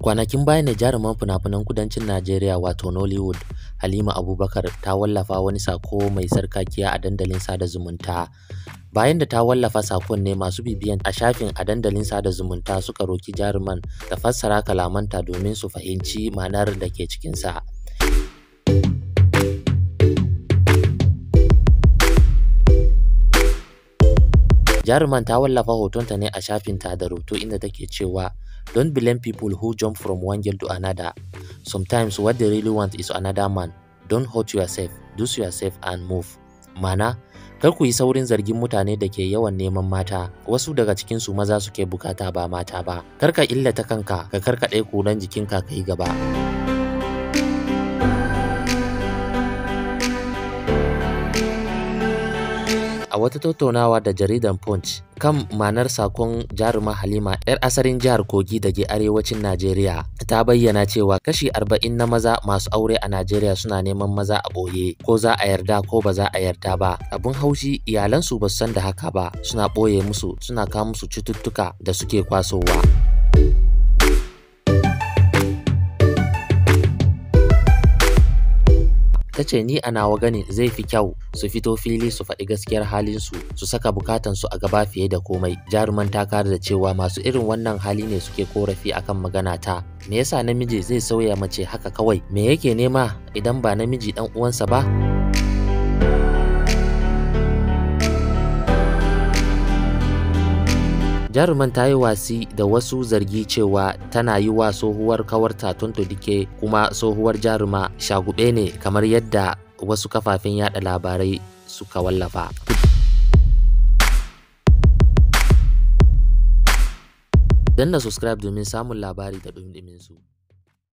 Kwanakin baya ne jaruman fina-finan kudancin Najeriya wato Nollywood, Halima Abubakar ta wallafa wani sako mai sarkakiya a dandalin sada zumunta. Bayan da ta wallafa sakon ne masu bibiyan a shafin a dandalin sada zumunta suka roki jaruman ta fassara kalamanta domin su fahimci manar da ke cikinsa. Jaruman ta wallafa hotonta ne a shafinta da rubutu inda take cewa Don't blame people who jump from one girl to another. Sometimes what they really want is another man. Don't hurt yourself, do yourself and move. Mana, kar ku yi saurin zargin mutane da ke yawan neman mata, wasu daga cikin su maza suke bukata ba mata ba. Kar ka illata kanka, ka karkaɗe kuran jikinka ka yi gaba. a wata tattaunawa da jaridan punch kan manar sakon jaruma halima 'yar asarin jihar kogi da ke arewacin najeriya ta bayyana cewa kashi arba'in na maza masu aure a najeriya suna neman maza a ɓoye ko za a yarda ko ba za a yarda ba abun haushi iyalansu ba su san da haka ba suna ɓoye musu suna kawo musu cututtuka da suke kwasowa. ta ce ni a nawa gani zai fi kyau su fito fili su faɗi gaskiyar halinsu su saka bukatansu a gaba fiye da komai jaruman ta kara da cewa masu irin wannan hali ne suke korafi akan magana ta me yasa namiji zai sauya mace haka kawai me yake nema idan ba namiji dan uwansa ba jaruman ta yi wasi da wasu zargi cewa tana yi wa tsohuwar kawarta tuntulike kuma tsohuwar jaruma shagube ne kamar yadda wasu kafafen yada labarai suka wallafa danna subscribe domin samun labari da su